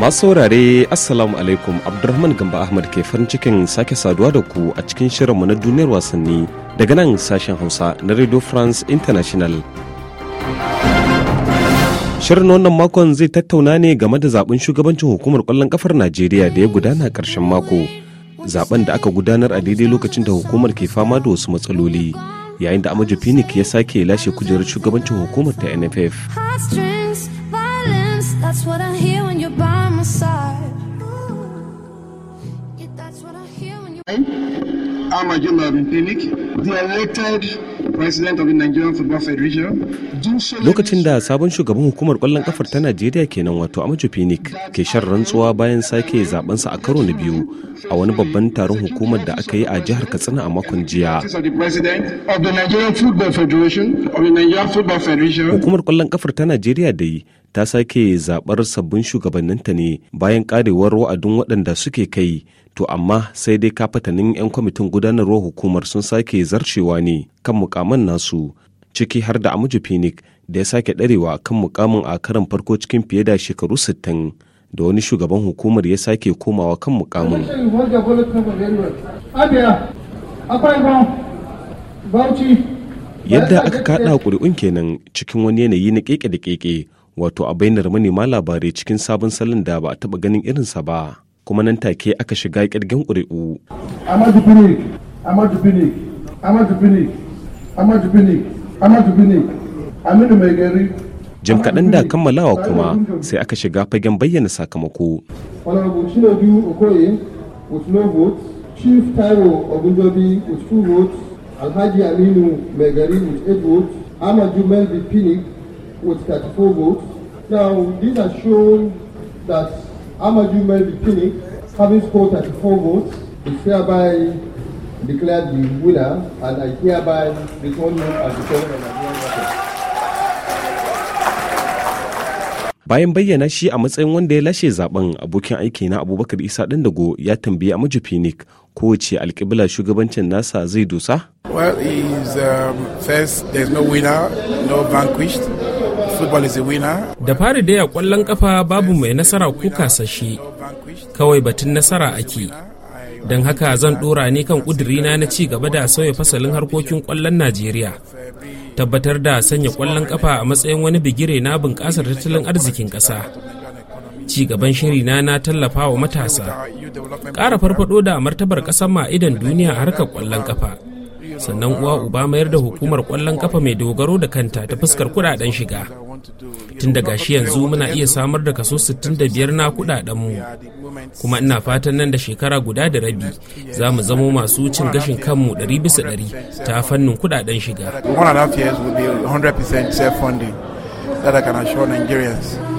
masu saurare assalamu alaikum abdulrahman gamba ahmad ke farin cikin sake saduwa da ku a cikin shirinmu na duniyar wasanni daga nan sashen hausa na radio france international shirin wannan makon zai tattauna ne game da zaben shugabancin hukumar kwallon kafar najeriya da ya gudana karshen mako zaben da aka gudanar a daidai lokacin da hukumar ke fama da wasu matsaloli yayin da amaju phoenix ya sake lashe kujerar shugabancin hukumar ta nff That's what I Amaju Labinik, the elected president of the Nigerian Football Federation. Lokacin da sabon shugaban hukumar kwallon kafar ta Najeriya kenan wato Amaju Phoenix ke shan rantsuwa bayan sake zabensa a karo na biyu a wani babban taron hukumar da aka yi a jihar Katsina a makon jiya. Hukumar kwallon kafar ta Najeriya dai ta sake zaɓar sabbin shugabanninta ne bayan ƙarewar wa'adin waɗanda suke kai to amma sai dai kafatanin 'yan kwamitin gudanarwar hukumar sun sake zarcewa ne kan mukaman nasu ciki har da amuji phoenix da ya sake ɗarewa kan mukamin a karan farko cikin fiye da shekaru 60 da wani shugaban hukumar ya sake komawa kan mukamin yadda aka kaɗa ƙuri'un kenan cikin wani yanayi na keke da keke wato a bainar manema labarai cikin sabon salon da ba a taba ganin irinsa ba kuma nan take aka shiga ƙirgen ƙuri'u. Amadu Binik, Amadu Binik, Mai Gari. Jim kaɗan da kammalawa kuma sai aka shiga fagen bayyana sakamako. Honorable Chinedu Okoye with no votes, Chief Taiwo Ogunjobi with two votes, Alhaji Aminu Megari with eight votes, Amadu Melvin Pinik with 34 votes. Now, this has shown that Amadou Mary Pinnick, having scored 34 votes, is hereby declared the winner and I hereby return him as the chairman bayan bayyana shi a matsayin wanda ya lashe zaben abokin aiki na abubakar isa dandago ya tambayi amaju ko kowace alkibla shugabancin nasa zai dosa well is um, first there's no winner no vanquished football is a winner. Da fari da ya kwallon kafa babu mai nasara ko kasashe, kawai batun nasara ake. Don haka zan ɗora ne kan kudurina na ci gaba da sauya fasalin harkokin kwallon Najeriya. Tabbatar da sanya kwallon kafa a matsayin wani bigire na bunƙasar tattalin arzikin ƙasa. Ci gaban shirina na tallafa wa matasa. Ƙara farfaɗo da martabar ƙasar ma idan duniya a harkar kwallon kafa. sannan uwa uba mayar da hukumar kwallon kafa mai dogaro da kanta ta fuskar kudaden shiga tun daga shi yanzu muna iya samar da kaso 65 na kudadenmu kuma ina fatan nan da shekara guda da rabi za mu zamo masu cin gashin kanmu 100 ta fannin kudaden shiga. One and a half years will be 100% self-funding that I can assure Nigerians.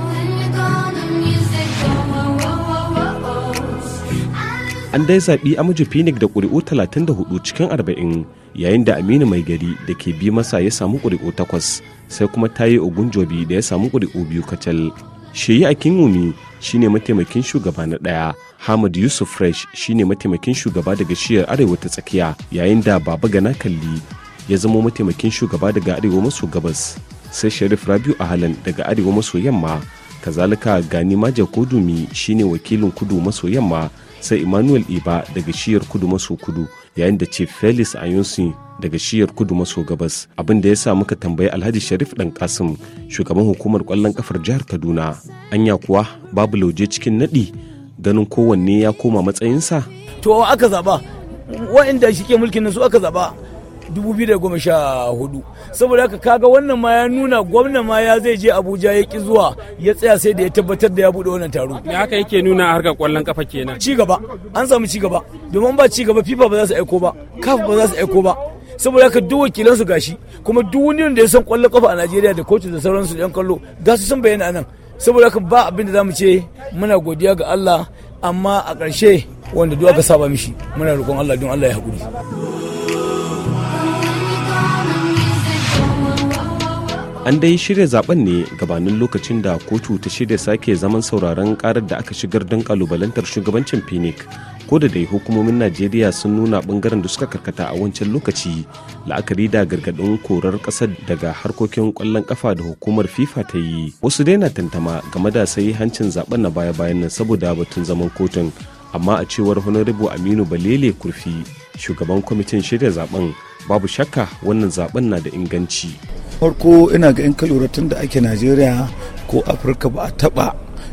an dai zaɓi amaju phoenix da ƙuri'u 34 cikin 40 yayin da aminu mai gari da ke bi masa ya samu ƙuri'u 8 sai kuma ta yi ogunjobi da ya samu ƙuri'u biyu kacal wumi shi ne mataimakin shugaba na ɗaya hamad yusuf fresh shi ne mataimakin shugaba daga shiyar arewa ta tsakiya yayin da baba gana kalli ya zama mataimakin shugaba daga arewa maso gabas sai sharif rabiu ahalan daga arewa maso yamma kazalika gani maja kodumi shine wakilin kudu maso yamma sai emmanuel iba daga shiyar kudu maso kudu yayin da ce felix ayunsi daga shiyar kudu maso gabas abin da ya sa muka tambayi alhaji sharif dan kasim shugaban hukumar kwallon kafar jihar kaduna anya kuwa babu lauje cikin nadi ganin kowanne ya koma matsayinsa to aka zaba wa'inda shi ke mulkin su aka zaba 2014 saboda haka kaga wannan ma ya nuna gwamna ma ya zai je abuja ya ki zuwa ya tsaya sai da ya tabbatar da ya bude wannan taro me haka yake nuna harkar kwallon kafa kenan ci gaba an samu ci gaba domin ba ci gaba fifa ba za su aiko ba kaf ba za su aiko ba saboda haka duk wakilan su gashi kuma duk wani da ya san kwallon kafa a Najeriya da kotu da sauransu yan kallo ga su san bayyana nan saboda haka ba abin da zamu ce muna godiya ga Allah amma a ƙarshe wanda duk aka saba mishi muna roƙon Allah don Allah ya haƙuri an dai shirya zaben ne gabanin lokacin da kotu ta shirya sake zaman sauraron karar da aka shigar don kalubalantar shugabancin phoenix ko da dai hukumomin najeriya sun nuna bangaren da suka karkata a wancan lokaci la'akari da gargadin korar kasar daga harkokin kwallon kafa da hukumar fifa ta yi wasu dai na tantama game da sai hancin zaben na baya-bayan nan saboda batun zaman kotun amma a cewar honorable aminu balele kurfi shugaban kwamitin shirya zaben babu shakka wannan zaben na da inganci farko ina ga in ka lura tun da ake najeriya ko afirka ba a taba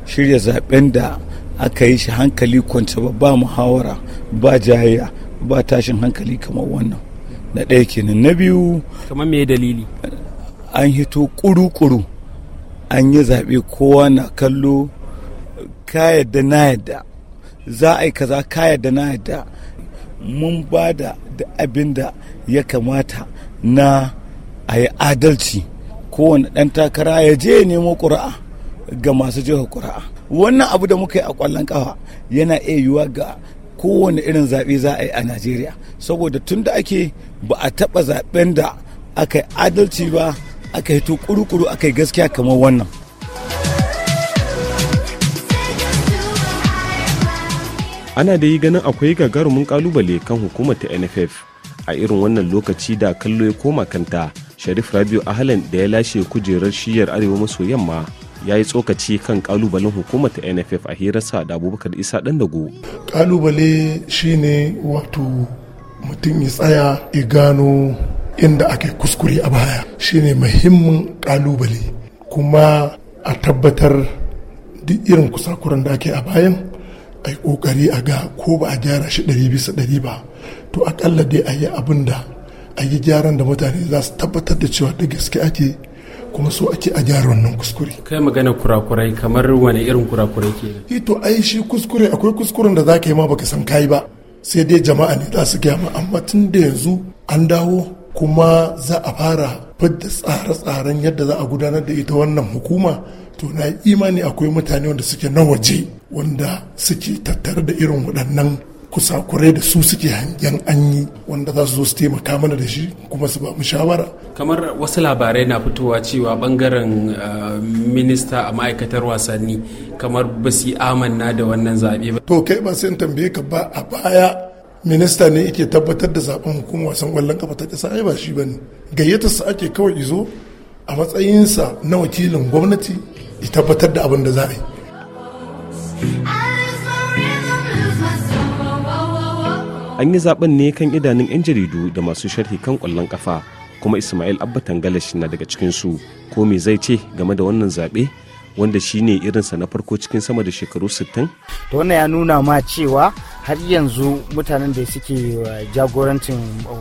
shirya zaben da aka yi shi hankali kwance ba ba muhawara ba jayayya ba tashin hankali kamar wannan na ɗaya kenan na biyu kamar me dalili an hito kuru-kuru an yi zaɓe kowa na kallo ka yadda na yadda za a yi kaza ka yadda na yadda mun ba da abin da ya kamata na a yi adalci kowane ɗan takara ya je ya nemo ƙura'a ga masu jefa ƙura'a wannan abu da muka yi a ƙwallon ƙafa yana iya yiwuwa ga kowane irin zaɓe za a yi a najeriya saboda tun da ake ba a taɓa zaɓen da aka yi adalci ba aka yi to aka yi gaskiya kamar wannan ana da yi ganin akwai gagarumin kalubale kan hukumar ta nff a irin wannan lokaci da kallo ya koma kanta sharif rabiu a ahalan da ya lashe kujerar shiyar arewa maso yamma ya yi tsokaci kan kalubalen hukumar ta nff a hirarsa da abubakar isa dan dago kalubale shine wato mutum ya tsaya ya gano inda ake kuskure a baya shine muhimmin kalubale kuma a tabbatar duk irin kusakuran da ake a bayan a yi kokari a ga ko ba a gyara shi ɗari bisa ɗari ba to akalla dai a yi abinda. a yi gyaran da mutane za su tabbatar da cewa da gaske ake kuma so ake a gyara wannan kuskure kai magana kurakurai kamar wani irin kurakurai ke ito e ai shi kuskure akwai kuskuren da za ka yi ma baka san kai ba sai dai jama'a ne za su gaya ma amma tun da yanzu an dawo kuma za a fara fadda tsare-tsaren yadda za a gudanar da ita wannan hukuma to na imani akwai mutane wanda suke na waje wanda suke tattare da irin waɗannan kusakurai da su suke hangen an yi wanda za su zo su taimaka mana da shi kuma su ba mu shawara kamar wasu labarai na fitowa cewa bangaren eh, minista a ma'aikatar wasanni kamar ba su yi amanna da wannan zaɓe ba to kai ba sai tambaye ka ba a baya minista ne yake tabbatar da zaben hukumar wasan kwallon kafa ta ƙasa ai ba shi ba ne gayyatar sa ake kawai izo a matsayinsa na wakilin gwamnati ya tabbatar da abin da za a yi an yi zaben ne kan idanun 'yan jaridu da masu sharhi kan kwallon kafa kuma ismail abba tangalash na daga cikinsu ko me zai ce game da wannan zaɓe wanda shi ne irinsa na farko cikin sama da shekaru 60 to wannan ya nuna ma cewa har yanzu mutanen da suke uh, jagorancin uh,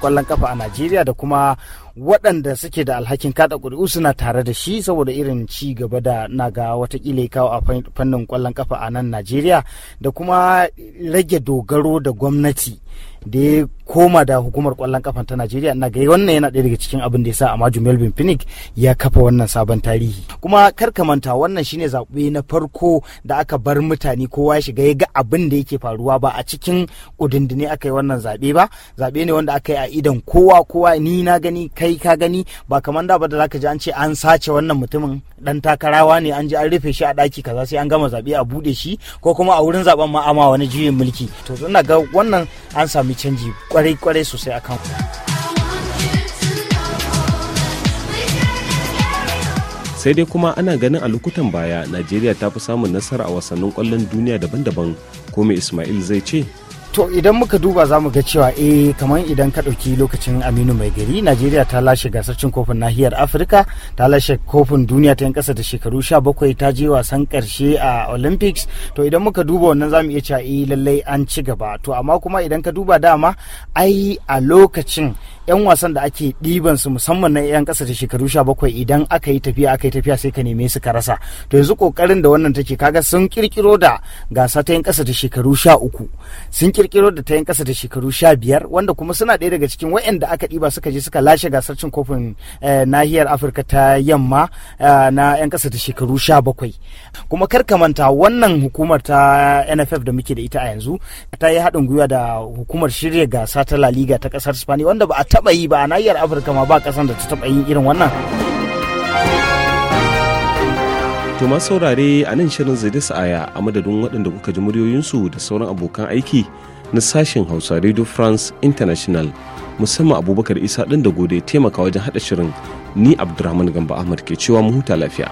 kwallon kafa a najeriya da kuma waɗanda suke da alhakin kada ƙuri'u suna tare da shi saboda irin ci gaba da na ga watakila ya kawo a fannin kwallon kafa a nan najeriya da kuma rage dogaro da gwamnati da ya koma da hukumar kwallon kafa ta Najeriya ina ga wannan yana ɗaya daga cikin abin da yasa Amaju Melvin Phoenix ya kafa wannan sabon tarihi kuma kar ka manta wannan shine zaɓe na farko da aka bar mutane kowa ya shiga ya ga abin da yake faruwa ba a cikin kudindine aka wannan zaɓe ba zaɓe ne wanda aka yi a idan kowa kowa ni na gani kai ka gani ba kamar da ba da zaka ji an ce an sace wannan mutumin dan takarawa ne an je an rufe shi a ɗaki kaza sai an gama zaɓe a buɗe shi ko kuma a wurin zaɓen ma amma wani juyin mulki to ina ga wannan an sami canji kwarai kwarai sosai kan sai dai kuma ana ganin a lokutan baya najeriya ta fi samun nasara a wasannin kwallon duniya daban-daban ko ismail zai ce to idan muka duba za mu ga cewa eh kamar idan ka ɗauki lokacin aminu mai gari najeriya ta lashe gasar cin kofin nahiyar afirka ta lashe kofin duniya ta yan kasa da shekaru sha bakwai ta je wasan karshe a olympics to idan muka duba wannan za mu iya cewa eh lallai an ci gaba to amma kuma idan ka duba dama ai a lokacin 'yan wasan da ake ɗiban su musamman na 'yan ƙasa da shekaru sha bakwai idan aka yi tafiya aka yi tafiya sai ka neme su ka rasa to yanzu kokarin da wannan take kaga sun kirkiro da gasa ta 'yan ƙasa da shekaru sha uku sun kirkiro da ta 'yan ƙasa da shekaru sha biyar wanda kuma suna ɗaya daga cikin da aka ɗiba suka je suka lashe gasar cin kofin eh, nahiyar afirka ta yamma eh, na 'yan ƙasa da shekaru sha bakwai kuma kar ka manta wannan hukumar ta nff da muke da ita a yanzu ta yi haɗin gwiwa da hukumar shirya gasa ta la liga ta ƙasar spani wanda ba a taɓa yi ba a nahiyar afirka ma ba ƙasan da ta taɓa yin irin wannan to masu saurare a nan shirin zai sa'aya a madadin waɗanda kuka ji muryoyinsu da sauran abokan aiki na sashen hausa radio france international musamman abubakar isa ɗin da gode taimaka wajen haɗa shirin ni abdulrahman gamba ahmad ke cewa mu huta lafiya